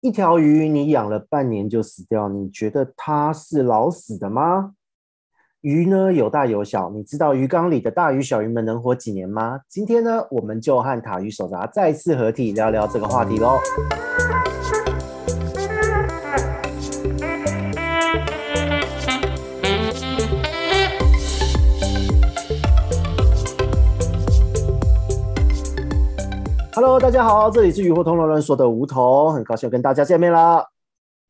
一條魚你養了半年就死掉，你覺得它是老死的嗎？魚呢有大有小，你知道魚缸裡的大魚、小魚們能活幾年嗎？今天呢，我們就和《塔魚手札》再次合體，聊聊這個話題咯。Hello，大家好，這裡是魚活通路亂說的吳桐，很高興要跟大家見面了。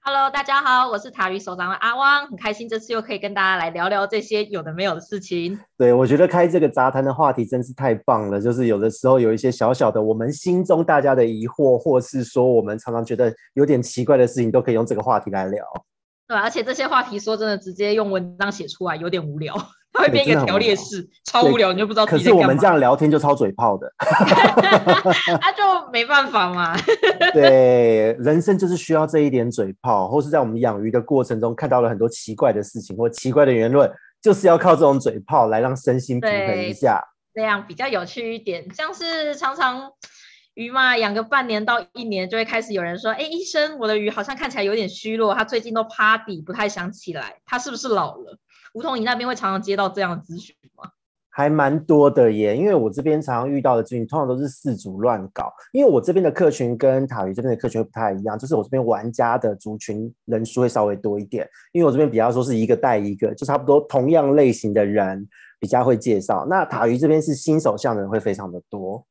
Hello，大家好，我是塔魚手札的阿汪，很開心這次又可以跟大家來聊聊這些有的沒有的事情。對，我覺得開這個雜談的話題真是太棒了，就是有的時候有一些小小的我們心中大家的疑惑，或是說我們常常覺得有點奇怪的事情，都可以用這個話題來聊。對，而且這些話題說真的，直接用文章寫出來有點無聊。它會變成一個條列式、欸，超無聊，你就不知道自己在幹嘛，可是我們這樣聊天就超嘴炮的，它、 啊啊、就沒辦法嘛。 對，人生就是需要這一點嘴炮，或是在我們養魚的過程中看到了很多奇怪的事情或奇怪的言論，就是要靠這種嘴炮來讓身心平衡一下，這樣比較有趣一點。像是常常魚嘛，養個半年到一年，就會開始有人說：“哎、欸，醫生，我的魚好像看起來有點虛弱，它最近都趴底，不太想起來，它是不是老了？”活通，你那邊會常常接到這樣的諮詢嗎？還蠻多的耶，因為我這邊常常遇到的諮詢，通常都是飼主亂搞。因為我這邊的客群跟塔魚這邊的客群會不太一樣，就是我這邊玩家的族群人數會稍微多一點。因為我這邊比較說是一個帶一個，就差不多同樣類型的人比較會介紹。那塔魚這邊是新手向的人會非常的多。的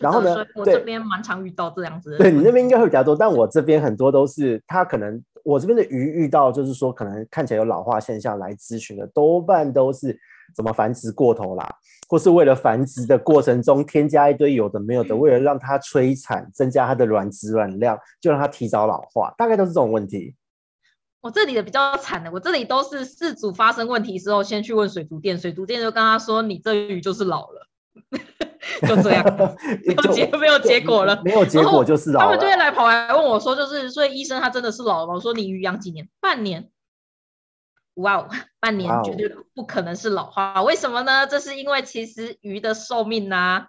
然後呢，我這邊蠻常遇到這樣子的。對，你那邊應該會比較多，但我這邊很多都是他可能。我這邊的魚遇到就是說，可能看起來有老化現象來諮詢的，多半都是怎麼繁殖過頭啦，或是為了繁殖的過程中添加一堆有的沒有的，為了讓它催產，增加它的卵子卵量，就讓它提早老化，大概都是這種問題。我這裡的比較慘的，我這裡都是飼主發生問題之後，先去問水族店，水族店就跟他說，你這魚就是老了。 就這樣，沒 有結，沒有結果了。沒有結果就是啊，他們就會來跑來問我說，就是所以醫生他真的是老了嗎？我說你魚養幾年？半年？哇、wow,，半年絕對、wow. 不可能是老化，為什麼呢？這是因為其實魚的壽命呢、啊，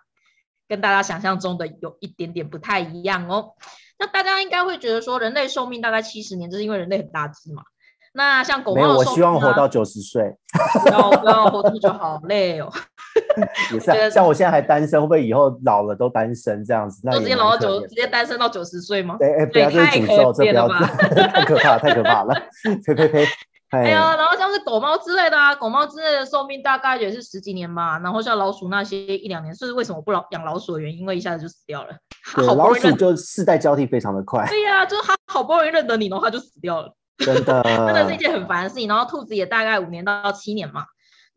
跟大家想象中的有一點點不太一樣哦。那大家應該會覺得說，人類壽命大概七十年，這、就是因為人類很大隻嘛。那像狗，狗、啊，狗我希望活到九十歲。 不要不要活這麼久，好累哦。 啊、像我現在還單身，會不會以後老了都單身這樣子？都直接老了九，直接單身到九十歲嗎？對、欸欸，不、欸、要太可憐了，太可怕了， 太可怕了！呸呸呸！哎呀，然後像是狗貓之類的啊，狗貓之類的壽命大概也是十幾年嘛。然後像老鼠那些一兩年，是為什麼不老養老鼠的原因？因為一下子就死掉了。好老鼠就世代交替非常的快。對呀、啊，就它、是、好不容易認得你，然後它就死掉了。真的， 真的是一件很煩的事情。然後兔子也大概五年到七年嘛。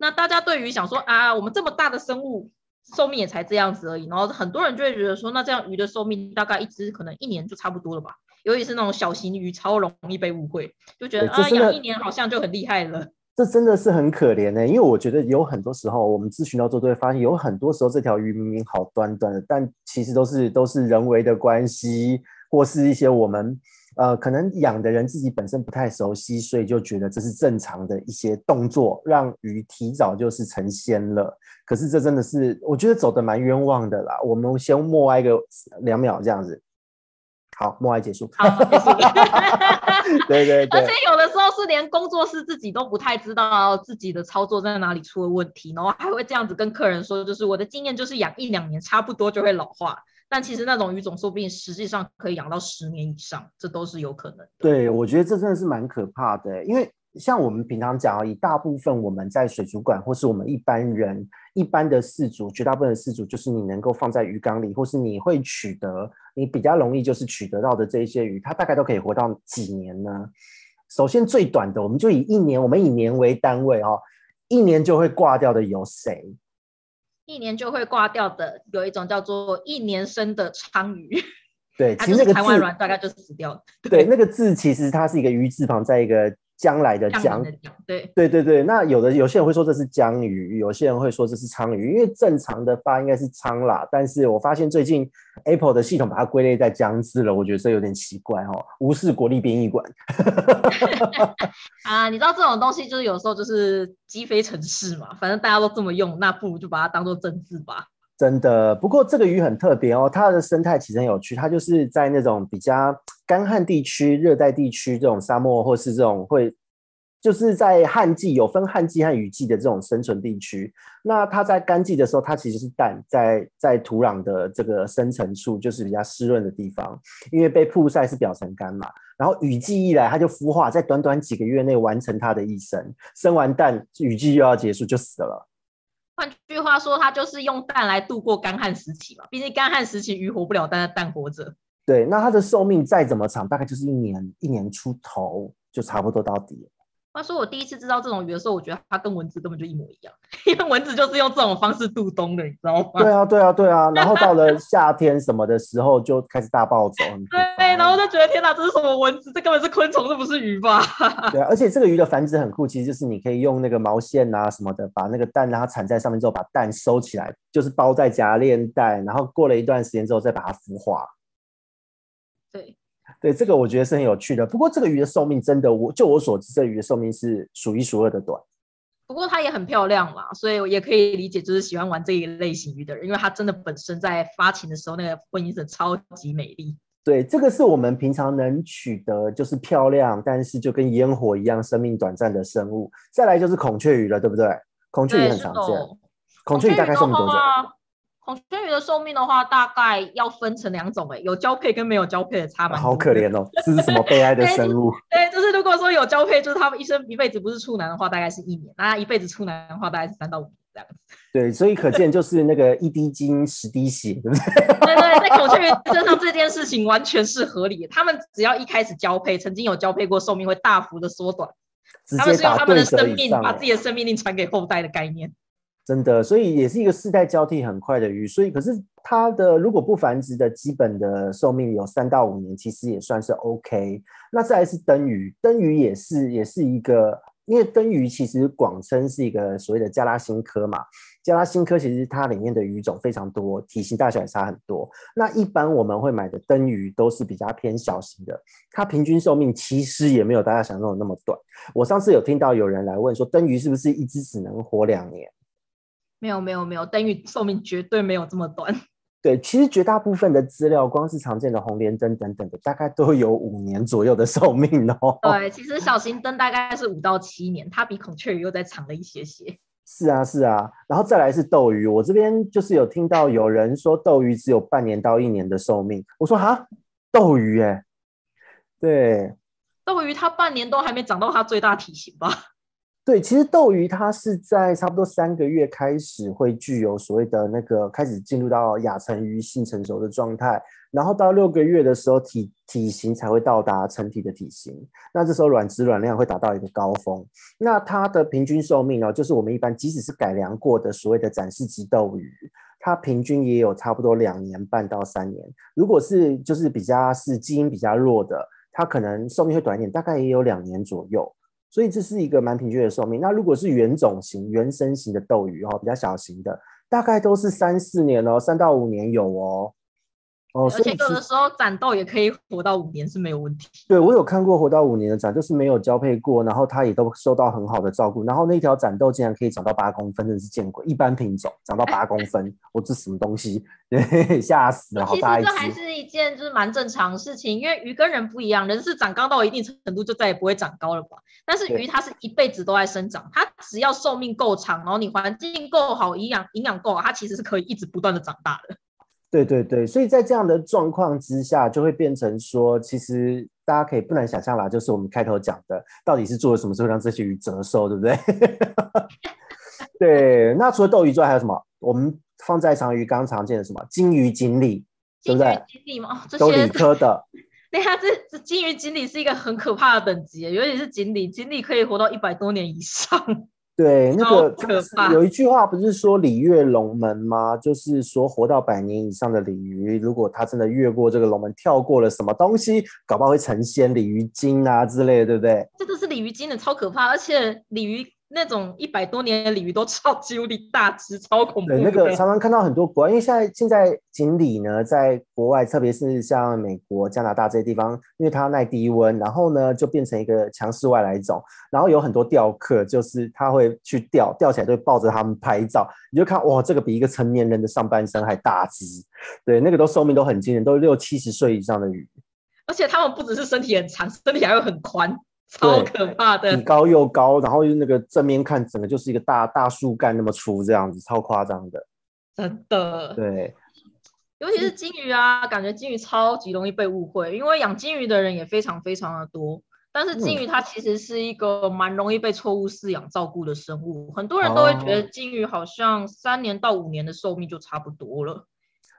那大家對於想說啊，我們這麼大的生物壽命也才這樣子而已，然後很多人就會覺得說，那這樣魚的壽命大概一只可能一年就差不多了吧？尤其是那種小型魚，超容易被誤會，就覺得啊，養一年好像就很厲害了。這真的是很可憐的、欸，因為我覺得有很多時候我們諮詢到都會發現，有很多時候這條魚明明好端端的，但其實都是都是人為的關係，或是一些我們。呃，可能養的人自己本身不太熟悉，所以就覺得這是正常的一些動作，讓魚提早就是成仙了。可是這真的是，我覺得走得蠻冤枉的啦。我們先默哀一個兩秒這樣子，好，默哀結束。謝謝 對對對，而且有的時候是連工作室自己都不太知道自己的操作在哪裡出了問題，然後還會這樣子跟客人說，就是我的經驗就是養一兩年差不多就會老化。但其實那種魚種說不定實際上可以養到十年以上，這都是有可能。對，我覺得這真的是蠻可怕的，因為像我們平常講以大部分我們在水族館或是我們一般人一般的四族，絕大部分的四族就是你能夠放在魚缸裡，或是你會取得你比較容易就是取得到的這些魚，它大概都可以活到幾年呢？首先最短的我們就以一年，我們以年為單位哦，一年就會掛掉的有誰？一年就會掛掉的，有一種叫做一年生的鯧魚。對，其實產完卵大概就死掉了。 對，那個字其實它是一個魚字旁，再一個。將來的將，對對對對，那有的有些人會說這是江魚，有些人會說這是鯧魚。因為正常的發音應該是鯧啦，但是我發現最近 Apple 的系統把它歸類在江字了，我覺得這有點奇怪哦。無視國立編譯館。 啊，你知道這種東西就是有時候就是積非成是嘛，反正大家都這麼用，那不如就把它當做正字吧。真的，不過這個魚很特別哦，它的生態其實很有趣。它就是在那種比較乾旱地區、熱帶地區這種沙漠，或是這種會就是在旱季有分旱季和雨季的這種生存地區。那它在乾季的時候，它其實是蛋在在土壤的這個深層處，就是比較濕潤的地方，因為被曝曬是表層乾嘛。然後雨季一來，它就孵化，在短短幾個月內完成它的一生，生完蛋，雨季又要結束，就死了。換句話說，它就是用蛋來度過乾旱時期嘛。畢竟乾旱時期魚活不了，但是蛋活着。對，那它的壽命再怎麼長，大概就是一年，一年出頭就差不多到底了。話說我第一次知道這種魚的時候，我覺得它跟蚊子根本就一模一樣，因為蚊子就是用這種方式度冬的，你知道嗎？對啊，對啊，對啊。然後到了夏天什麼的時候就開始大暴走。對，然後就覺得天哪，這是什麼蚊子？這根本是昆蟲，這不是魚吧？對啊，而且這個魚的繁殖很酷，其實就是你可以用那個毛線啊什麼的，把那個蛋讓它纏在上面之後，把蛋收起來，就是包在夾鏈袋，然後過了一段時間之後再把它孵化。對。對這個我覺得是很有趣的，不過這個魚的壽命真的，我就我所知，這魚的壽命是數一數二的短。不過它也很漂亮嘛，所以我也可以理解，就是喜歡玩這一類型魚的人，因為它真的本身在發情的時候，那個婚姻色超級美麗。對，這個是我們平常能取得就是漂亮，但是就跟煙火一樣，生命短暫的生物。再來就是孔雀魚了，對不對？孔雀魚很常見，孔雀魚大概壽命多久？孔雀魚的壽命的話，大概要分成兩種誒，有交配跟沒有交配的差蠻。好可憐哦， 這是什麼悲哀的生物？對，就是、就是、如果說有交配，就是它們一生一輩子不是處男的話，大概是一年；那一輩子處男的話，大概是三到五年這樣子。對，所以可見就是那個一滴精十滴血，就 是對，對對，在孔雀魚身上這件事情完全是合理。 他們只要一開始交配，曾經有交配過，壽命會大幅的縮短。對，他們是用他們的生命把自己的生命力傳給後代的概念。真的，所以也是一個世代交替很快的魚，所以可是它的如果不繁殖的基本的壽命有三到五年，其實也算是 OK。那再來是燈魚，燈魚也是也是一個，因為燈魚其實廣稱是一個所謂的加拉辛科嘛，加拉辛科其實它裡面的魚種非常多，體型大小也差很多。那一般我們會買的燈魚都是比較偏小型的，它平均壽命其實也沒有大家想像中的那麼短。我上次有聽到有人來問說，燈魚是不是一隻只能活兩年？沒有沒有沒有，燈魚壽命絕對沒有這麼短。對，其實絕大部分的資料，光是常見的紅蓮燈等等的，大概都有五年左右的壽命哦、喔。對，其實小型燈大概是五到七年，它比孔雀魚又再長了一些些。是啊是啊，然後再來是鬥魚，我這邊就是有聽到有人說鬥魚只有半年到一年的壽命，我說哈，鬥魚哎、欸，對，鬥魚它半年都還沒長到它最大體型吧？對，其實鬥魚它是在差不多三個月開始會具有所謂的那個開始進入到亞成魚性成熟的狀態，然後到六個月的時候體體型才會到達成體的體型。那這時候卵質、卵量會達到一個高峰。那它的平均壽命哦，就是我們一般即使是改良過的所謂的展示級鬥魚，它平均也有差不多兩年半到三年。如果是就是比較是基因比較弱的，它可能壽命會短一點，大概也有兩年左右。所以這是一個蠻平均的壽命。那如果是原種型、原生型的鬥魚哈、哦，比較小型的，大概都是三四年哦，三到五年有哦。哦，而且有的時候展鬥，也可以活到五年是沒有問題。對，我有看過活到五年的展，就是沒有交配過，然後它也都受到很好的照顧，然後那條展鬥竟然可以長到八公分，真的是見鬼！一般品種長到八公分，我、 哦、這什麼東西？嚇死了，好大一隻。其實這還是一件就是蠻正常的事情，因為魚跟人不一樣，人是長高到一定程度就再也不會長高了吧？但是魚它是一輩子都在生長，它只要壽命夠長，然後你環境夠好，營養營養夠好，它其實是可以一直不斷的長大的。對對對，所以在這樣的狀況之下，就會變成說，其實大家可以不難想象啦，就是我們開頭講的，到底是做了什麼事，才會讓這些魚折壽，對不對？ 對。那除了鬥魚之外，還有什麼？我們放在養魚缸常見的什麼？金魚、錦鯉。金魚錦、對對金魚錦鯉嘛，這些。都是鯉科的。你看，這這金魚、錦鯉是一個很可怕的等級，尤其是錦鯉，錦鯉可以活到一百多年以上。對，那個就是有一句話不是說鯉躍龍門嗎？就是說活到百年以上的鯉魚，如果它真的越過這個龍門，跳過了什麼東西，搞不好會成仙，鯉魚精啊之類的，對不對？這都是鯉魚精的，超可怕，而且鯉魚。那種一百多年的鯉魚都超級無敵大只，超恐怖，對。對，那個常常看到很多國外，因為現在現在錦鯉呢，在國外，特別是像美國、加拿大這些地方，因為它耐低溫，然後呢就變成一個強勢外來種。然後有很多釣客，就是他會去釣，釣起來就抱着他們拍照。你就看，哇，這個比一個成年人的上半身還大只。對，那個都壽命都很驚人，都六七十歲以上的魚。而且他們不只是身體很長，身體還會很寬。超可怕的，高又高，然後那個正面看，整個就是一個大大樹幹那麼粗，這樣子，超誇張的，真的。對，尤其是金魚啊，感覺金魚超級容易被誤會，因為養金魚的人也非常非常的多。但是金魚它其實是一個蠻容易被錯誤飼養照顧的生物，很多人都會覺得金魚好像三年到五年的壽命就差不多了。嗯哦、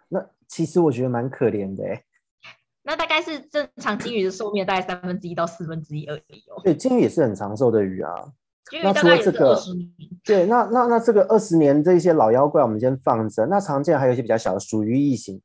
那其實我覺得蠻可憐的誒、欸。那大概是正常金魚的壽命大概三分之一到四分之一而已哦。對，金魚也是很長壽的魚啊。金魚大概有二十年。那除了這個。對，那那那,那這個二十年，這些老妖怪我們先放着。那常見還有一些比較小的，屬於異型。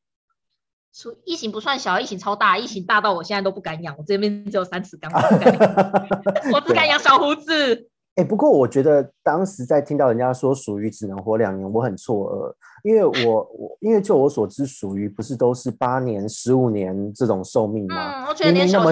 屬異型不算小，異型超大，異型大到我現在都不敢養，我這邊只有三尺缸，我, 我只敢養小胡子。哎、欸，不過我覺得當時在聽到人家說鼠魚只能活兩年，我很錯愕，因為我我因為就我所知，鼠魚不是都是八年、十五年這種壽命嗎？嗯，我覺得連小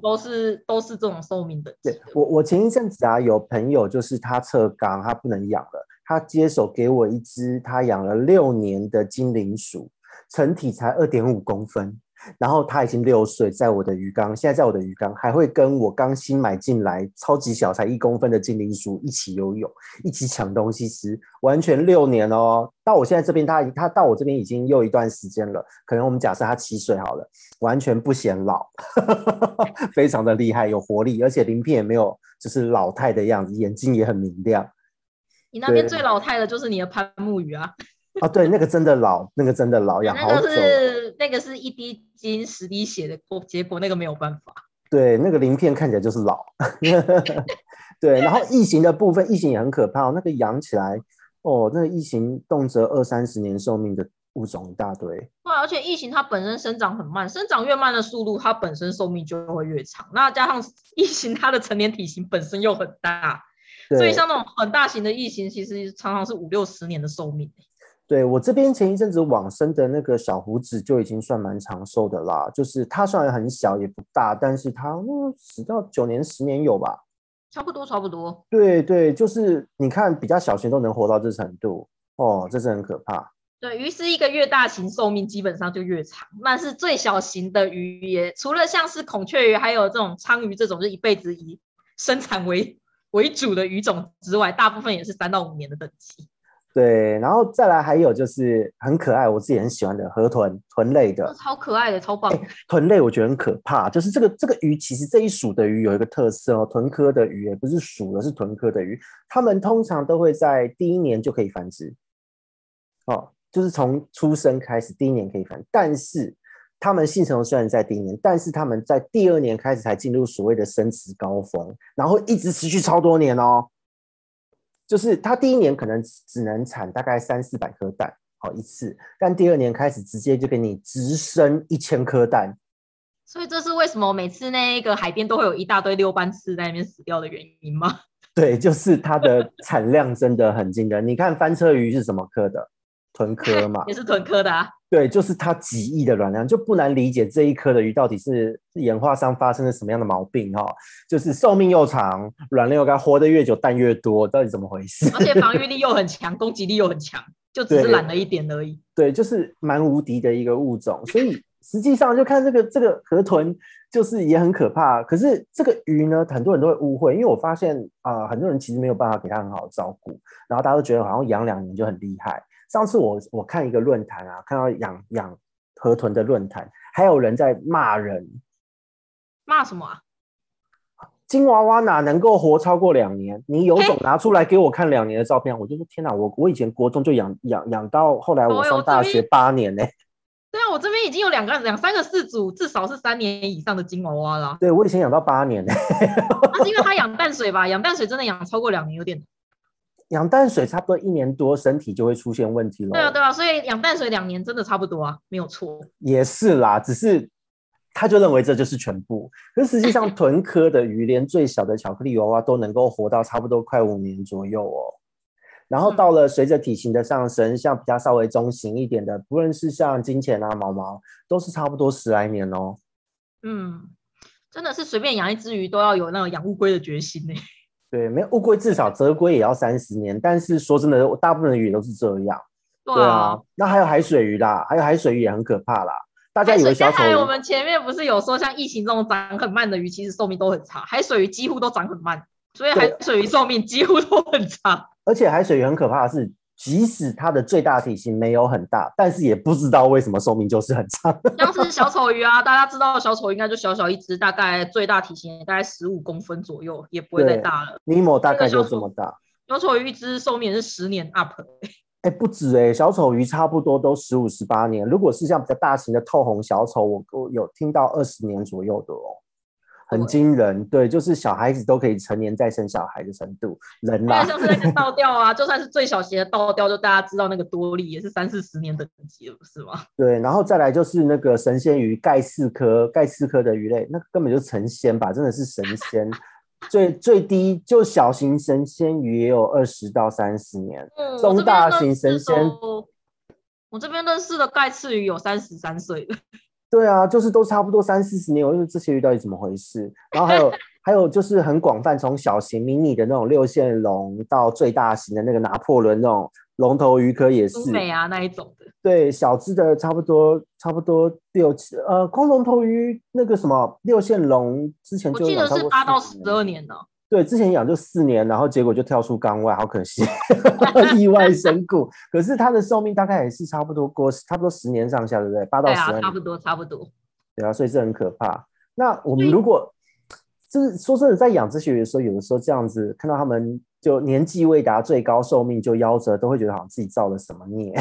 都是都是這種壽命的。嗯、我的對我，我前一陣子啊，有朋友就是他測缸，他不能養了，他接手給我一只他養了六年的精靈鼠，成體才二點五公分。然後他已經六歲，在我的魚缸，現在在我的魚缸還會跟我剛新買進來超級小才一公分的精靈鼠一起游泳，一起搶東西吃，完全六年哦。到我現在這邊，他它到我這邊已經又一段時間了。可能我們假設他七歲好了，完全不顯老呵呵呵，非常的厲害，有活力，而且鱗片也沒有就是老態的樣子，眼睛也很明亮。你那邊最老態的就是你的攀木魚啊？啊、 哦，對，那個真的老，那個真的老養好久。那個那個是一滴精十滴血的結果，結果那個沒有辦法。對，那個鱗片看起來就是老。 對， 然後異形的部分，異形也很可怕、哦。那個養起來，哦，那個異形動輒二三十年壽命的物種一大堆。對，而且異形它本身生長很慢，生長越慢的速度，它本身壽命就會越長。那加上異形它的成年體型本身又很大，所以像那種很大型的異形，其實常常是五六十年的壽命、欸。對我這邊前一陣子往生的那個小胡子就已經算蠻長壽的啦，就是它雖然很小也不大，但是它十到九年十年有吧，差不多差不多。對對，就是你看比較小型都能活到這程度，哦，這是很可怕。對，魚是一個越大型壽命基本上就越長，那是最小型的魚也除了像是孔雀魚還有這種倉魚這種就一輩子以生產為為主的魚種之外，大部分也是三到五年的等級。對，然後再來還有就是很可愛，我自己很喜歡的河豚，豚類的，超可愛的，超棒的。豚類我覺得很可怕，就是這個這個魚，其實這一屬的魚有一個特色哦，豚科的魚，也不是屬的，是豚科的魚，它們通常都會在第一年就可以繁殖，哦，就是從出生開始，第一年可以繁殖，但是它們性成熟雖然在第一年，但是他們在第二年開始才進入所謂的生殖高峰，然後一直持續超多年哦。就是它第一年可能只能產大概三四百顆蛋，好一次，但第二年開始直接就給你直升一千顆蛋，所以這是為什麼每次那個海邊都會有一大堆六斑刺在那邊死掉的原因嗎？對，就是它的產量真的很驚人。 你看翻車魚是什麼科的？豚科嘛，也是豚科的啊。對，就是它幾億的卵量，就不難理解這一科的魚到底是演化上發生了什麼樣的毛病哈、哦，就是壽命又長，卵量又高，活得越久蛋越多，到底怎麼回事？而且防禦力又很強，攻擊力又很強，就只是懶了一點而已。對，對就是蠻無敵的一個物種。所以實際上就看這個這個河豚，就是也很可怕。可是這個魚呢，很多人都會誤會，因為我發現啊、呃，很多人其實沒有辦法給它很好的照顧，然後大家都覺得好像養兩年就很厲害。上次我我看一個論壇啊，看到養養河豚的論壇，還有人在罵人，罵什麼啊？金娃娃哪能夠活超過兩年？你有種拿出來給我看兩年的照片、啊？我就說天哪，我我以前國中就養養養到後來我上大學八年呢、欸哦哎。對啊，我這邊已經有兩個兩三個四組至少是三年以上的金娃娃了。對我以前養到八年呢、欸。那 是因為他養淡水吧？養淡水真的養超過兩年有點。養淡水差不多一年多，身體就會出現問題了。對啊，對啊，所以養淡水兩年真的差不多啊，沒有錯。也是啦，只是他就認為這就是全部，可實際上，魨科的魚連最小的巧克力娃娃都能夠活到差不多快五年左右哦。然後到了隨着體型的上升，像比較稍微中型一點的，不論是像金錢啊、毛毛，都是差不多十來年哦。嗯，真的是隨便養一隻魚都要有那種養烏龜的決心呢、欸。對，沒有烏龜，至少澤龜也要三十年。但是說真的，大部分的魚都是這樣對、啊。對啊，那還有海水魚啦，還有海水魚也很可怕啦。大家以為魚還有我們前面不是有說，像異型這種長很慢的魚，其實壽命都很長。海水魚幾乎都長很慢，所以海水魚壽命幾乎都很長。而且海水魚很可怕的是，即使它的最大體型沒有很大，但是也不知道為什麼壽命就是很長。像是小丑魚啊， 大家知道小丑魚應該就小小一隻，大概最大體型大概十五公分左右，也不會再大了。尼莫大概就這麼大。小丑，小丑魚一隻壽命是十年 up、欸。哎、欸，不止哎、欸，小丑魚差不多都十五十八年。如果是像比較大型的透紅小丑，我我有聽到二十年左右的哦。很驚人，對，就是小孩子都可以成年再生小孩的程度，人啦、啊，就是那個倒吊啊， 就算是最小型的倒吊，就大家知道那個多利也是三四十年的年紀了，不是嗎？對，然後再來就是那個神仙魚蓋刺科蓋刺科的魚類，那個、根本就成仙吧，真的是神仙， 最最低就小型神仙魚也有二十到三十年，中、嗯、大型神仙，我這邊認,認識的蓋刺魚有三十三歲了。對啊，就是都差不多三四十年，我覺得這些魚到底怎麼回事？然後還有 還有就是很廣泛，從小型 mini 的那種六線龍到最大型的那個拿破崙那種龍頭魚科也是。蘇眉啊，那一種的。對，小只的差不多差不多六七、呃，空龍頭魚那個什麼六線龍之前就有差不多我記得是八到十二年呢。對，之前養就四年，然後結果就跳出缸外，好可惜， 意外身故。 可是它的壽命大概也是差不多過，差不多十年上下，對不對？八到十年，差不多差不多。對啊，所以這很可怕。那我們如果就是說真的，在養殖學的時候，有的時候這樣子看到他們就年紀未達最高壽命就夭折，都會覺得好像自己造了什麼孽。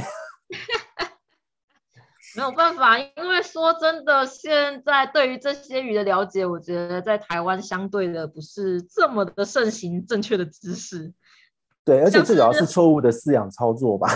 沒有辦法，因為說真的，現在對於這些魚的了解，我覺得在台灣相對的不是這麼的盛行正確的知識。對，而且最主要是錯誤的飼養操作吧。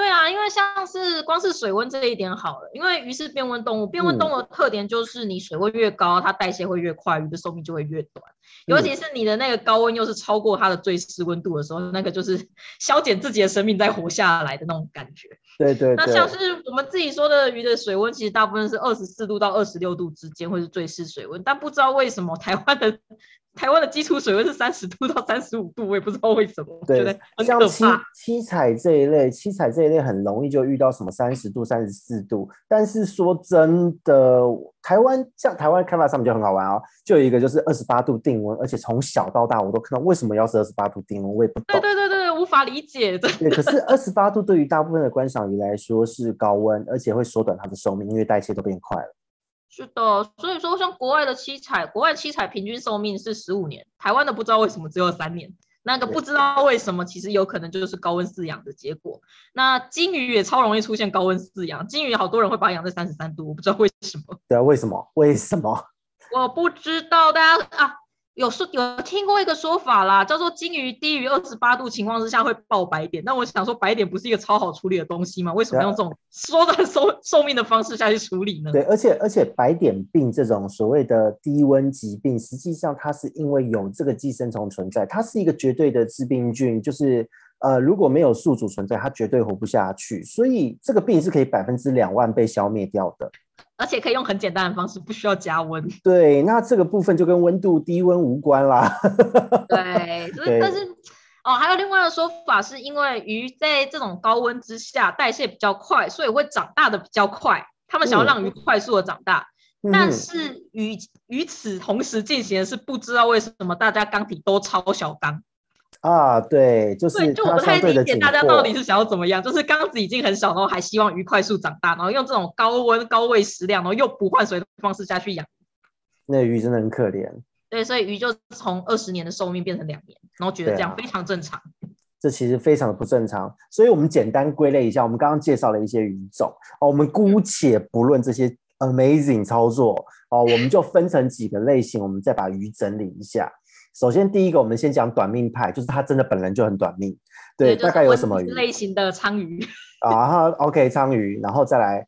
對啊，因為像是光是水溫這一點好了，因為魚是變溫動物，變溫動物的特點就是你水溫越高，嗯，它代謝會越快，魚的壽命就會越短，嗯。尤其是你的那個高溫又是超過它的最適溫度的時候，那個就是消減自己的生命在活下來的那種感覺。對對，對。那像是我們自己說的魚的水溫，其實大部分是二十四度到二十六度之間會是最適水溫，但不知道為什麼台灣的。台灣的基礎水溫是三十度到三十五度，我也不知道為什麼，對對。像七七彩這一類，七彩這一類很容易就遇到什麼三十度、三十四度。但是說真的，台灣像台灣開發上就很好玩啊、哦，就有一個就是二十八度定溫，而且從小到大我都看到為什麼要是二十八度定溫，我也不懂。對對對對，無法理解。的對，可是二十八度對於大部分的觀賞魚來說是高溫，而且會縮短它的壽命，因為代謝都變快了。是的，所以說像國外的七彩，國外七彩平均壽命是十五年，台灣的不知道為什麼只有三年，那個不知道為什麼，其實有可能就是高溫飼養的結果。那金魚也超容易出現高溫飼養，金魚好多人會把它養在三十三度，我不知道為什麼。對啊，為什麼？為什麼？我不知道大家啊。有說有聽過一個說法啦，叫做金魚低於二十八度情況之下會爆白點。那我想說，白點不是一個超好處理的東西嗎？為什麼要用這種縮短壽壽命的方式下去處理呢？對，而且而且白點病這種所謂的低溫疾病，實際上它是因為有這個寄生蟲存在，它是一個絕對的致病菌，就是呃如果沒有宿主存在，它絕對活不下去。所以這個病是可以百分之兩萬被消滅掉的。而且可以用很簡單的方式，不需要加溫。對，那這個部分就跟溫度、低溫無關啦。 對、就是。對，但是哦，還有另外的說法，是因為魚在這種高溫之下代謝比較快，所以會長大的比較快。他們想要讓魚快速的長大，嗯、但是與與此同時進行的是不知道為什麼大家缸體都超小缸。啊，對，就是對，對，就我不太理解大家到底是想要怎麼樣，就是缸子已經很小，然後還希望魚快速長大，然後用這種高溫、高位、食量，然後又不換水的方式下去養，那魚真的很可憐。對，所以魚就從二十年的壽命變成兩年，然後覺得這樣、啊、非常正常。這其實非常的不正常，所以我們簡單歸類一下，我們剛剛介紹了一些魚種哦，我們姑且不論這些 amazing 操作哦，我們就分成幾個類型， 我們再把魚整理一下。首先第一個，我們先講短命派，就是他真的本人就很短命，對，對大概有什麼、就是、類型的鱂魚啊？然後，Uh-huh, OK，鱂魚，然後再來，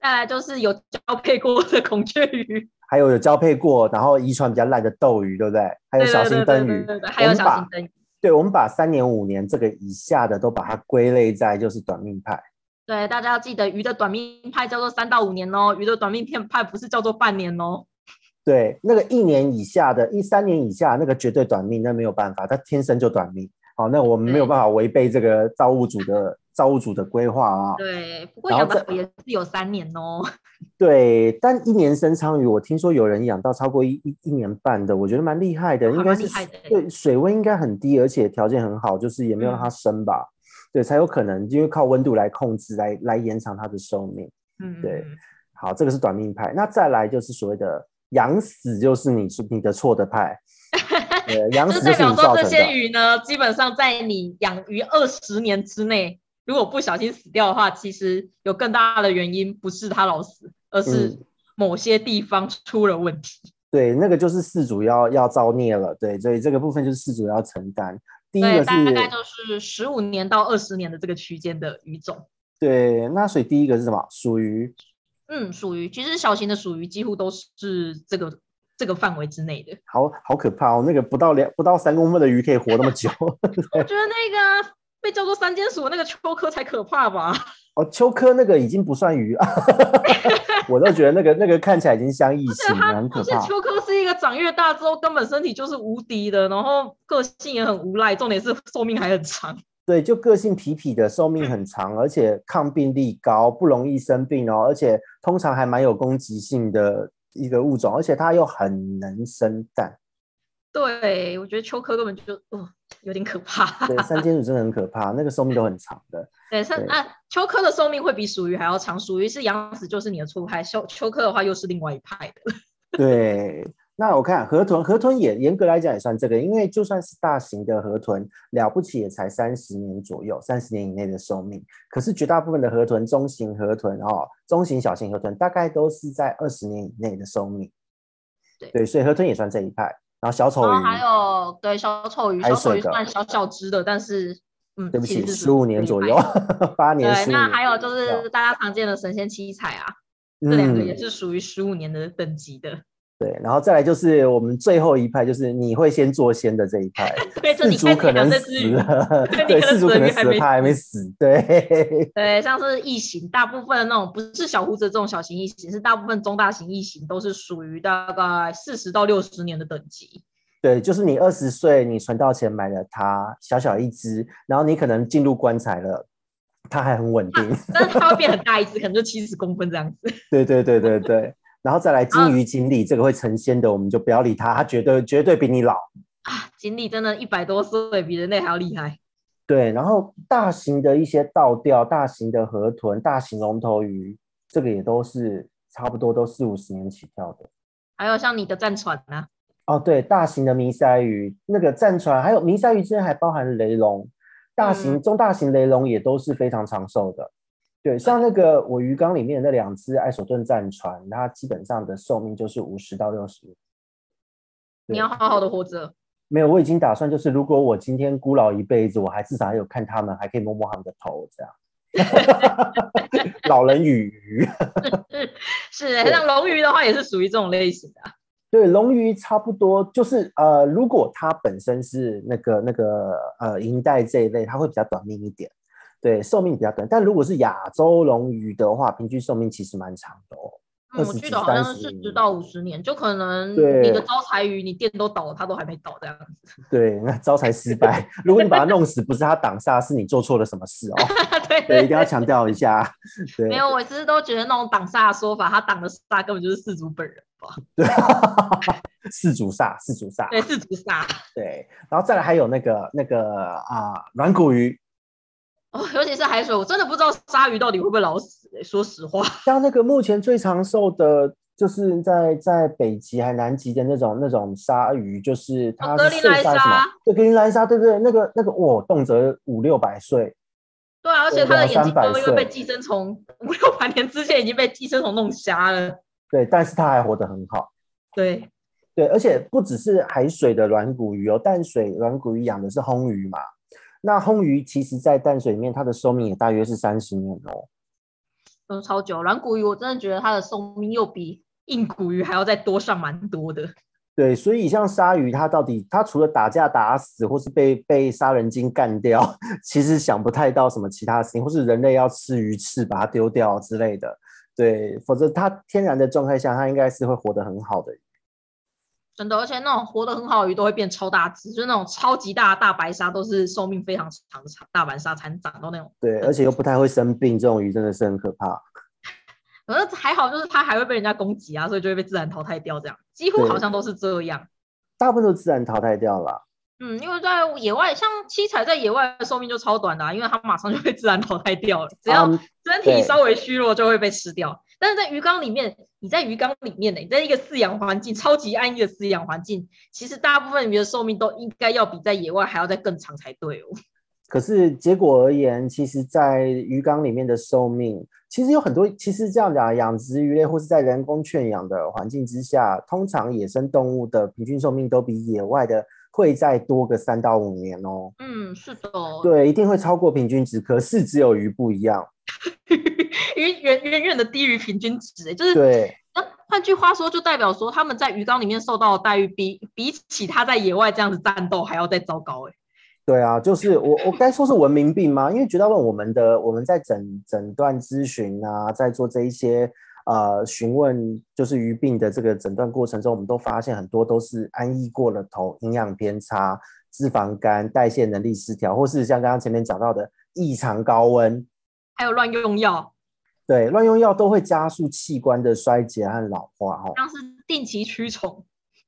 再來就是有交配過的孔雀魚，還有有交配過，然後遺傳比較爛的鬥魚，對不對？還有小型燈魚，還有小型燈魚，對，對，對，對，對，對，我們把三年五年這個以下的都把它歸類在就是短命派。對，大家要記得魚的短命派叫做三到五年哦，魚的短命片派不是叫做半年哦。對，那個一年以下的，一三年以下的，那個絕對短命，那沒有辦法，它天生就短命。好、哦，那我們沒有辦法違背這個造物主的造物主的規劃啊、哦。對，不過有的也是有三年哦。對，但一年生倉魚，我聽說有人養到超過一一一年半的，我覺得蠻厲害的，害的應該是對水溫應該很低，而且條件很好，就是也沒有讓它生吧、嗯。對，才有可能，因為靠溫度來控制來來延長它的壽命。嗯，對，好，這個是短命派。那再來就是所謂的。養死就是你是你的錯的派， 呃、養死就是你造成的。 就是代表說這些魚呢，基本上在你養魚二十年之內，如果不小心死掉的話，其實有更大的原因不是它老死，而是某些地方出了問題。嗯、對，那個就是飼主要要造孽了。對，所以這個部分就是飼主要承擔。第一個是大概就是十五年到二十年的這個區間的魚種。對，那所以第一個是什麼？鼠魚嗯，鼠魚其實小型的鼠魚幾乎都是這個這個範圍之內的。好好可怕哦，那個不到兩不到三公分的魚可以活那麼久。 我覺得那個被叫做三間鼠那個秋科才可怕吧。哦，秋科那個已經不算魚啊。 我都覺得那個那個看起來已經像異形了。， 可是秋科是一個長越大之後根本身體就是無敵的，然後個性也很無賴，重點是壽命還很長。對，就個性皮皮的，壽命很長，而且抗病力高，不容易生病哦。而且通常還蠻有攻擊性的一個物種，而且它又很能生蛋。對，我覺得鰍科根本就哦，有點可怕。對，三間鼠真的很可怕， 那個壽命都很長的。對，那、啊、鰍科的壽命會比鼠魚還要長，鼠魚是養死，就是你的錯派，鰍鰍科的話又是另外一派的。對。那我看河豚，河豚也嚴格來講也算這個，因為就算是大型的河豚，了不起也才三十年左右，三十年以內的壽命。可是絕大部分的河豚，中型河豚哦，中型小型河豚，大概都是在二十年以內的壽命，對。對，所以河豚也算這一派。然後小丑魚，還有對，小丑魚是屬於算小小只的，但是嗯，對不起，十五年左右，八年， 十五年。對，十五年左右，那還有就是大家常見的神仙七彩啊，嗯，這兩個也是屬於十五年的等級的。對，然後再來就是我們最後一派，就是你會先做仙的這一派，飼 主可能死了 對，飼主可能死，他還沒死，對，對，像是異形，大部分那種不是小胡子，這種小型異形，是大部分中大型異形都是屬於大概四十到六十年的等級。對，就是你二十歲，你存到錢買了它，小小一隻，然後你可能進入棺材了，它還很穩定，他但是它會變很大一隻， 可能就七十公分這樣子。對對對對對。 然後再來金魚、錦鯉、啊，這個會成仙的，我們就不要理它，它絕對絕對比你老啊！錦鯉真的一百多歲，比人類還要厲害。對，然後大型的一些倒吊，大型的河豚、大型龍頭魚，這個也都是差不多都四五十年起跳的。還有像你的戰船呢、啊？哦，對，大型的迷鰓魚，那個戰船，還有迷鰓魚之間還包含雷龍，大型、嗯、中大型雷龍也都是非常長壽的。對，像那個我魚缸裡面的那兩隻艾索頓戰船，它基本上的壽命就是五十到六十。你要好好的活着。沒有，我已經打算就是，如果我今天孤老一輩子，我還至少還有看他們，還可以摸摸他們的頭，這樣。 老人與魚， 是那、欸、龍魚的話，也是屬於這種類型的。對，龍魚差不多就是呃，如果它本身是那個那個呃銀帶這一類，它會比較短命一點。對，壽命比較短。但如果是亞洲龍魚的話，平均壽命其實蠻長的哦、嗯。我記得好像是四十到五十年，就可能你的招財魚，你店都倒了，它都還沒倒這樣子。對，那招財失敗。 如果你把它弄死，不是它擋煞，是你做錯了什麼事哦。 對，對，對，對，一定要強調一下對。沒有，我其實都覺得那種擋煞的說法，它擋的煞根本就是飼主本人吧。對，飼 主煞，飼主煞。對，飼主煞。對，然後再來還有那個那個啊，軟、呃、骨魚。尤其是海水，我真的不知道鯊魚到底會不會老死、欸、說實話，像那個目前最長壽的，就是在在北極還南極的那種那種鯊魚，就是它格、哦、陵蘭鯊，對格陵蘭鯊，對不對，對？那個那個哦，動輒五六百歲，對，而且它的眼睛都被寄生蟲五六百年之前已經被寄生蟲弄瞎了，對，但是它還活得很好，對對，而且不只是海水的軟骨魚，哦，淡水軟骨魚養的是魟魚嘛。那魟魚其實，在淡水裡面，它的壽命也大約是三十年哦，都超久。軟骨魚，我真的覺得它的壽命又比硬骨魚還要再多上蠻多的。對，所以像鯊魚，它到底它除了打架打死，或是被被殺人鯨幹掉，其實想不太到什麼其他事情，或是人類要吃魚翅把它丟掉之類的。對，否則它天然的狀態下，它應該是會活得很好的。真的，而且那種活得很好的魚都會變超大只，就是那種超級大的大白鯊，都是壽命非常長的，大白鯊才能長到那種。對，而且又不太會生病，這種魚真的是很可怕。可是還好，就是它還會被人家攻擊啊，所以就會被自然淘汰掉，這樣幾乎好像都是這樣。大部分都自然淘汰掉了啊。嗯，因為在野外，像七彩在野外的壽命就超短的啊，因為它馬上就被自然淘汰掉了，只要身體稍微虛弱就會被吃掉。Um, 但是在魚缸裡面，你在魚缸裡面呢，你在一個飼養環境超級安逸的飼養環境，其實大部分魚的壽命都應該要比在野外還要再更長才對哦。可是結果而言，其實在魚缸裡面的壽命，其實有很多，其實這樣講，養殖魚類或是在人工圈養的環境之下，通常野生動物的平均壽命都比野外的。會再多個三到五年哦。嗯，是的。對，一定會超過平均值，可是只有魚不一樣，魚 遠遠遠的低於平均值，就是對。那換句話說，就代表說他們在魚缸裡面受到的待遇比，比比起他在野外這樣子戰鬥還要再糟糕哎。對啊，就是我我該說是文明病嗎？ 因為絕大部分我們的我們在診診斷諮詢啊，在做這一些。呃，詢問就是魚病的這個診斷過程中，我們都發現很多都是安逸過了頭，營養偏差，脂肪肝，代謝能力失調，或是像剛剛前面講到的異常高溫，還有亂用藥。對，亂用藥都會加速器官的衰竭和老化哦。吼，當時定期驅蟲。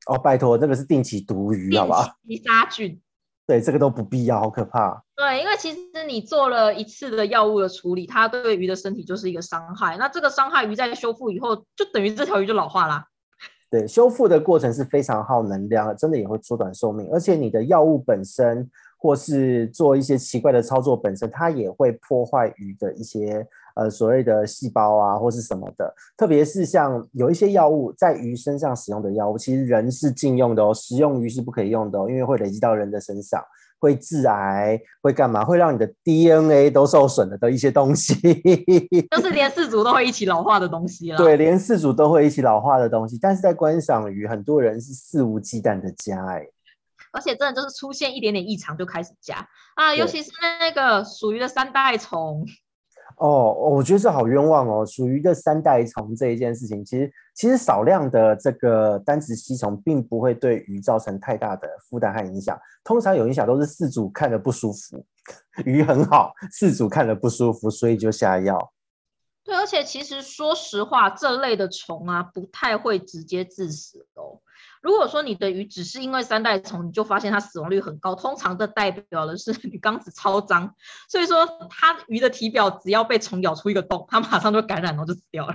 哦，拜托，這個是定期毒魚，好吧？定期殺菌。對，這個都不必要，好可怕。對，因為其實你做了一次的藥物的處理，它對於魚的身體就是一個傷害。那這個傷害魚在修復以後，就等於這條魚就老化啦。對，修復的過程是非常耗能量，真的也會縮短壽命。而且你的藥物本身，或是做一些奇怪的操作本身，它也會破壞魚的一些呃所謂的細胞啊，或是什麼的。特別是像有一些藥物在魚身上使用的藥物，其實人是禁用的哦，食用魚是不可以用的哦，因為會累積到人的身上。會致癌，會幹嘛？會讓你的 DNA 都受損了的一些東西，都 是連飼主都會一起老化的東西啊。對，連飼主都會一起老化的東西，但是在觀賞魚，很多人是肆無忌憚的加哎、欸，而且真的就是出現一點點異常就開始加啊、呃，尤其是那個屬於的三代蟲。哦，哦，我覺得這好冤枉哦，屬於一個三代蟲這一件事情，其實其實少量的這個單殖吸蟲並不會對魚造成太大的負擔和影響，通常有影響都是飼主看着不舒服，魚很好，飼主看着不舒服，所以就下藥。對，而且其實說實話，這類的蟲啊，不太會直接致死哦。如果說你的魚只是因為三代蟲，你就發現它死亡率很高，通常這代表的是魚缸子超髒，所以說它魚的體表只要被蟲咬出一個洞，它馬上就感染然後就死掉了。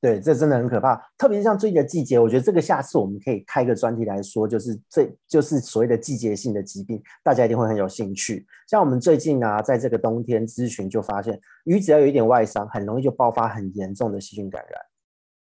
對，這真的很可怕，特別是像最近的季節，我覺得這個下次我們可以開個專題來說，就是這就是所謂的季節性的疾病，大家一定會很有興趣。像我們最近啊，在這個冬天諮詢就發現，魚只要有一點外傷，很容易就爆發很嚴重的細菌感染，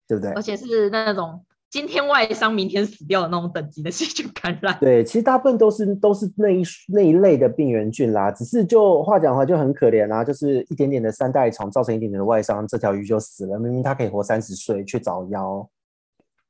對不對？而且是那種。今天外傷，明天死掉的那種等級的細菌感染。對，其實大部分都是都是那一那一類的病原菌啦，只是就話講的話就很可憐啦、啊，就是一點點的三代蟲造成一點點的外傷，這條魚就死了。明明它可以活三十歲，卻早夭。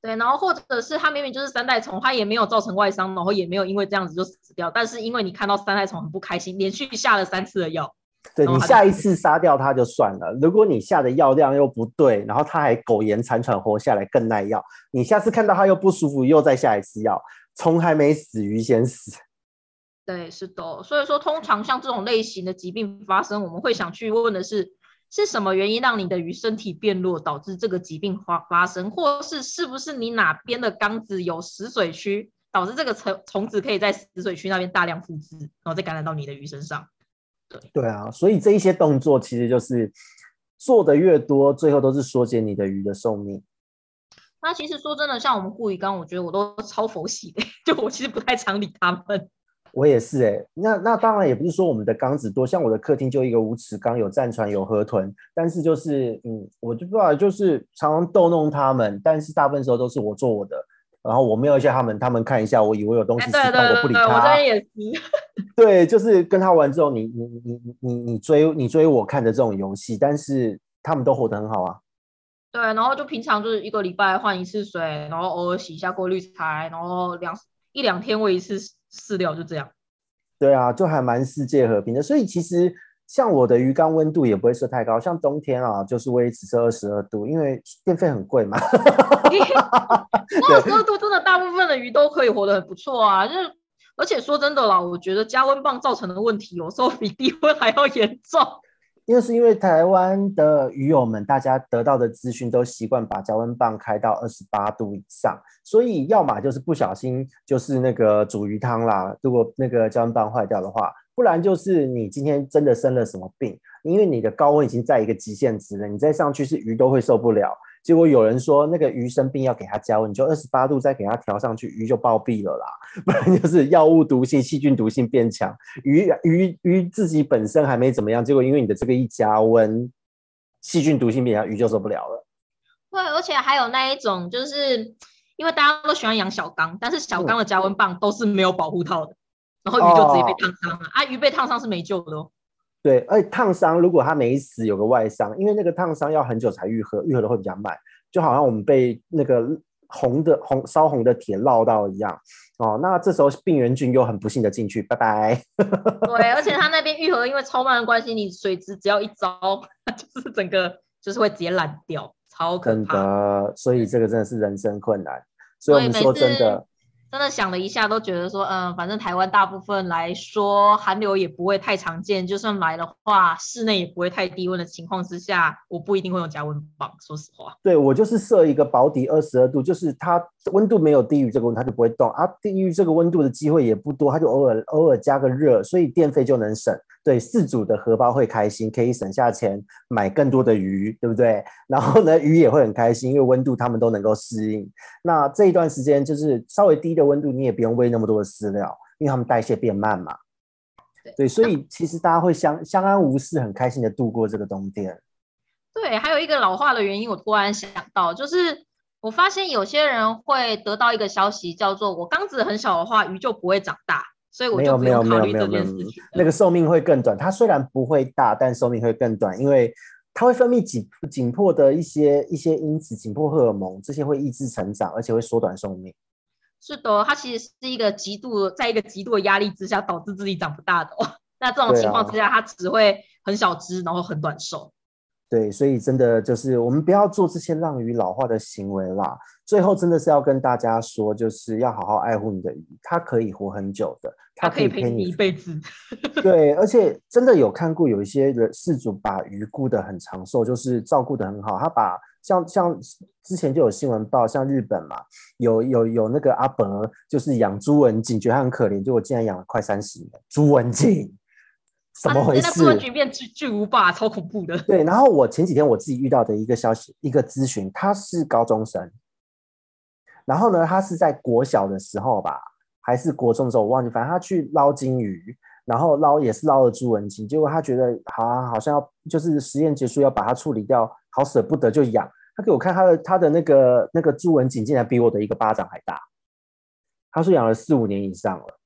對，然後或者是它明明就是三代蟲，它也沒有造成外傷，然後也沒有因為這樣子就死掉，但是因為你看到三代蟲很不開心，連續下了三次的藥。對，你下一次殺掉它，就算了。如果你下的藥量又不對，然後它還苟延殘喘活下來，更耐藥。你下次看到它又不舒服，又再下一次藥，蟲還沒死，魚先死。對，是的。所以說，通常像這種類型的疾病發生，我們會想去問的是，是什麼原因讓你的魚身體變弱，導致這個疾病發發生，或是是不是你哪邊的缸子有死水區，導致這個蟲蟲子可以在死水區那邊大量複製，然後再感染到你的魚身上。對啊，所以這一些動作其實就是做的越多，最後都是縮減你的魚的壽命。那其實說真的，像我們顧魚缸，我覺得我都超佛系的，就我其實不太常理他們。我也是哎、欸，那那當然也不是說我們的缸子多，像我的客廳就一個五尺缸，有戰船，有河豚，但是就是嗯，我就不知道就是常常逗弄他們，但是大部分時候都是我做我的，然後我瞄一下他們，他們看一下，我以為我有東西吃，哎對對對對對，我不理他。對，就是跟他玩之後你，你你你你你追你追我看的這種遊戲，但是他們都活得很好啊。對，然後就平常就是一個禮拜換一次水，然後偶爾洗一下過濾材，然後兩一兩天餵一次飼料，試就這樣。對啊，就還蠻世界和平的。所以其實像我的魚缸溫度也不會設太高，像冬天啊，就是喂一次設二十二度，因為電費很貴嘛。二十二度真的，大部分的魚都可以活得很不錯啊，就是。而且說真的啦，我覺得加溫棒造成的問題，有時候比低溫還要嚴重。就是因為台灣的魚友們，大家得到的資訊都習慣把加溫棒開到二十八度以上，所以要麼就是不小心，就是那個煮魚湯啦；如果那個加溫棒壞掉的話，不然就是你今天真的生了什麼病，因為你的高溫已經在一個極限值了，你再上去是魚都會受不了。結果有人說那個魚生病要給它加溫，你就二十八度再給它調上去，魚就暴斃了啦。不然就是藥物毒性、細菌毒性變強，魚魚魚自己本身還沒怎麼樣，結果因為你的這個一加溫，細菌毒性變強，魚就受不了了。對，而且還有那一種，就是因為大家都喜歡養小缸，但是小缸的加溫棒都是沒有保護套的，然後魚就自己被燙傷了、哦、啊！魚被燙傷是沒救的哦。對，而且燙傷如果他沒死，有個外傷，因為那個燙傷要很久才癒合，癒合的會比較慢，就好像我們被那個紅的紅燒紅的鐵烙到一樣，哦，那這時候病原菌又很不幸的進去，拜拜。 對，而且他那邊癒合因為超慢的關係，你水質只要一糟，那就是整個就是會直接爛掉，超可怕的。所以這個真的是人生困難，嗯、所以我們說真的。真的想了一下，都覺得說，嗯、呃，反正台灣大部分來說，寒流也不會太常見。就算來的話，室內也不會太低溫的情況之下，我不一定會用加溫棒。說實話。對，我就是設一個保底二十二度，就是它溫度沒有低於這個溫度它就不會動啊，低於這個溫度的機會也不多，它就偶爾偶爾加個熱，所以電費就能省。對，飼主的荷包會開心，可以省下錢買更多的魚，對不對？然後呢，魚也會很開心，因為溫度他們都能夠適應。那這一段時間就是稍微低的溫度，你也不用餵那麼多的飼料，因為他們代謝變慢嘛。對，對，所以其實大家會相相安無事，很開心的度過這個冬天。對，還有一個老化的原因，我突然想到，就是我發現有些人會得到一個消息，叫做我缸子很小的話，魚就不會長大。所以我沒有沒有沒有沒有沒有，沒有，那個壽命會更短。它雖然不會大，但壽命會更短，因為它會分泌緊緊迫的一些一些因子、緊迫荷爾蒙，這些會抑制成長，而且會縮短壽命。是的，它其實是一個極度，在一個極度的壓力之下導致自己長不大的。哦，那這種情況之下，它只會很小只，然後很短壽。對，所以真的就是我們不要做這些讓魚老化的行為啦。最後真的是要跟大家說，就是要好好愛護你的魚，它可以活很久的，它可以陪你一輩子。 對，而且真的有看過有一些人飼主把魚顧得很長壽，就是照顧得很好。他把像像之前就有新聞報，像日本嘛，有有有那個阿伯，就是養朱文錦覺得很可憐，就我竟然養了快三十年，朱文錦。怎麼回事？啊，現在朱文錦變巨，巨無霸，啊，超恐怖的。對，然後我前幾天我自己遇到的一個消息，一個諮詢，他是高中生，然後呢，他是在國小的時候吧，還是國中的時候，我忘記。反正他去撈金魚，然後撈也是撈了朱文錦，結果他覺得啊，好像要就是實驗結束要把它處理掉，好舍不得就養。他給我看他的他的那個那個朱文錦，竟然比我的一個巴掌還大，他說養了四五年以上了。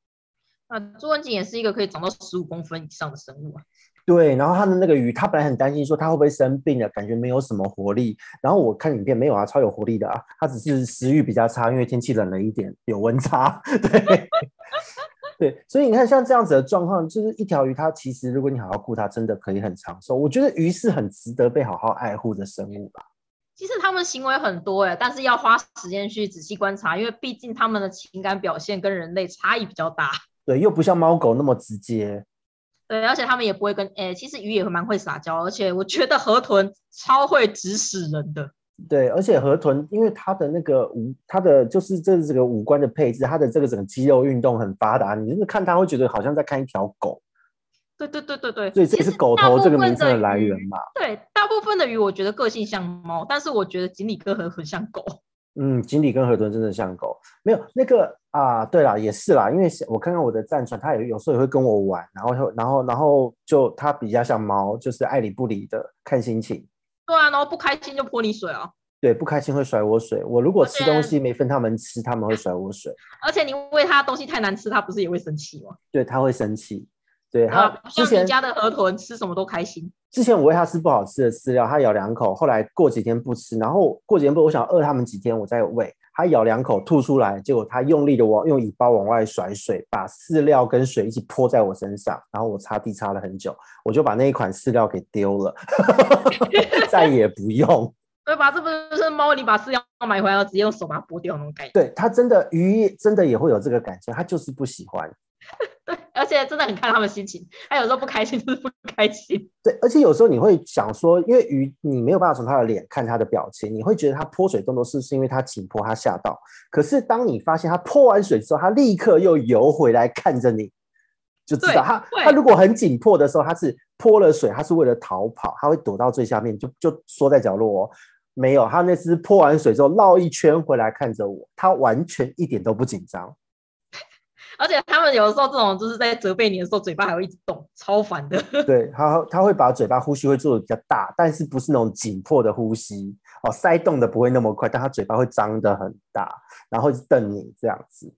啊，朱文錦也是一個可以長到十五公分以上的生物啊。對，然後它的那個魚，它本來很擔心說它會不會生病了，感覺沒有什麼活力。然後我看影片沒有啊，超有活力的啊，它只是食欲比較差，因為天氣冷了一點，有溫差。對 對，所以你看像這樣子的狀況，就是一條魚，它其實如果你好好顧它，真的可以很長壽。我覺得魚是很值得被好好愛護的生物吧。其實他們行為很多哎、欸，但是要花時間去仔細觀察，因為畢竟他們的情感表現跟人類差異比較大。對，又不像貓狗那麼直接。對，而且他們也不會跟哎、欸，其實魚也會蠻會撒嬌，而且我覺得河豚超會指使人的。對，而且河豚因為它的那個五，它的就是這這個五官的配置，它的這個整個肌肉運動很發達，你真的看它會覺得好像在看一條狗。對對對對對。所以這也是狗頭這個名稱的來源嘛。對，大部分的魚我覺得個性像貓，但是我覺得錦鯉哥很很像狗。嗯，錦鯉跟河豚真的像狗。沒有那個啊、呃，對啦，也是啦，因為我看看我的戰船，他也有時候也會跟我玩，然後然後然後就他比較像貓，就是愛理不理的，看心情。對啊，然後不開心就潑你水哦。對，不開心會甩我水。我如果吃東西沒分他們吃，他們會甩我水。而且你餵他東西太難吃，他不是也會生氣嗎？對，他會生氣。對他，像人家的河豚吃什麼都開心。之前我餵他吃不好吃的飼料，他咬兩口，後來過幾天不吃，然後過幾天不吃，我想餓他們幾天，我再有餵。他咬兩口吐出來，結果他用力的往用尾巴往外甩水，把飼料跟水一起潑在我身上，然後我擦地擦了很久，我就把那一款飼料給丟了， 再也不用。 對吧？這不是貓，你把飼料買回來直接用手把它剝掉那種感覺。對，它真的魚真的也會有這個感覺，它就是不喜歡。對，而且真的很看他們心情。他有時候不開心就是不開心。對，而且有時候你會想說，因為魚你沒有辦法從他的臉看他的表情，你會覺得他潑水動作是是因為他緊迫，他嚇到。可是當你發現他潑完水之後，他立刻又游回來看着你，就知道他他如果很緊迫的時候，他是潑了水，他是為了逃跑，他會躲到最下面，就就縮在角落哦。沒有，他那次是潑完水之後繞一圈回來看着我，他完全一點都不緊張。而且他們有時候，這種就是在責備你的時候，嘴巴還會一直動，超煩的。對他，他會把嘴巴呼吸會做得比較大，但是不是那種緊迫的呼吸哦，鰓動的不會那麼快，但他嘴巴會張得很大，然後一直瞪你這樣子。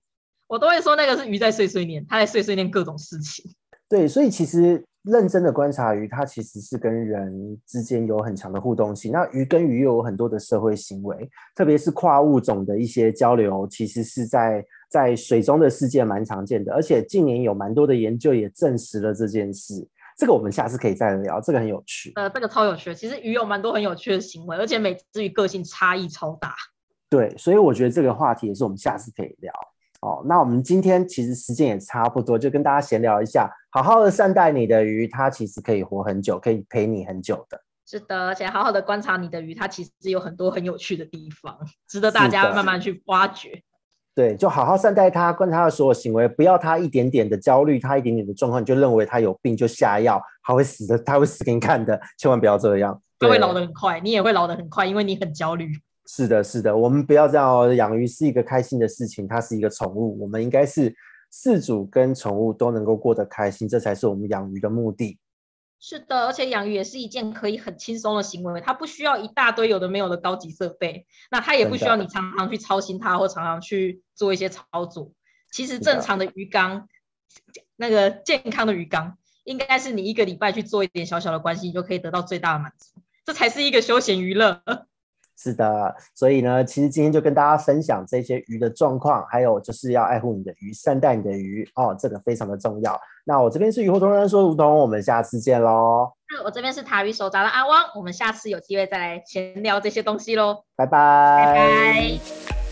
我都會說那個是魚在碎碎念，他在碎碎念各種事情。對，所以其實認真的觀察魚，它其實是跟人之間有很強的互動性。那魚跟魚又有很多的社會行為，特別是跨物種的一些交流，其實是在。在水中的世界蠻常見的，而且近年有蠻多的研究也證實了這件事。這個我們下次可以再聊，這個很有趣。呃，這個超有趣。其實魚有蠻多很有趣的行為，而且每隻魚個性差異超大。對，所以我覺得這個話題也是我們下次可以聊。哦，那我們今天其實時間也差不多，就跟大家閒聊一下。好好的善待你的魚，它其實可以活很久，可以陪你很久的。是的，而且好好的觀察你的魚，它其實是有很多很有趣的地方，值得大家慢慢去挖掘。對，就好好善待他，觀察他的所有行為，不要他一點點的焦慮，他一點點的狀況你就認為他有病就下藥，他會死的，他會死給你看的，千萬不要這樣。他會老得很快，你也會老的很快，因為你很焦慮。是的，是的，我們不要這樣哦，養魚是一個開心的事情，它是一個寵物，我們應該是飼主跟寵物都能夠過得開心，這才是我們養魚的目的。是的，而且養魚也是一件可以很輕鬆的行為，它不需要一大堆有的沒有的高級設備，那它也不需要你常常去操心它，或常常去做一些操作。其實正常的魚缸，yeah. 那個健康的魚缸，應該是你一個禮拜去做一點小小的關心，你就可以得到最大的滿足，這才是一個休閒娛樂。是的，所以呢，其實今天就跟大家分享這些魚的狀況，還有就是要愛護你的魚，善待你的魚哦，這個非常的重要。那我這邊是魚活通的吳東，我們下次見嘍。那我這邊是塔魚手札的阿汪，我們下次有機會再來閒聊這些東西嘍，拜拜，拜拜。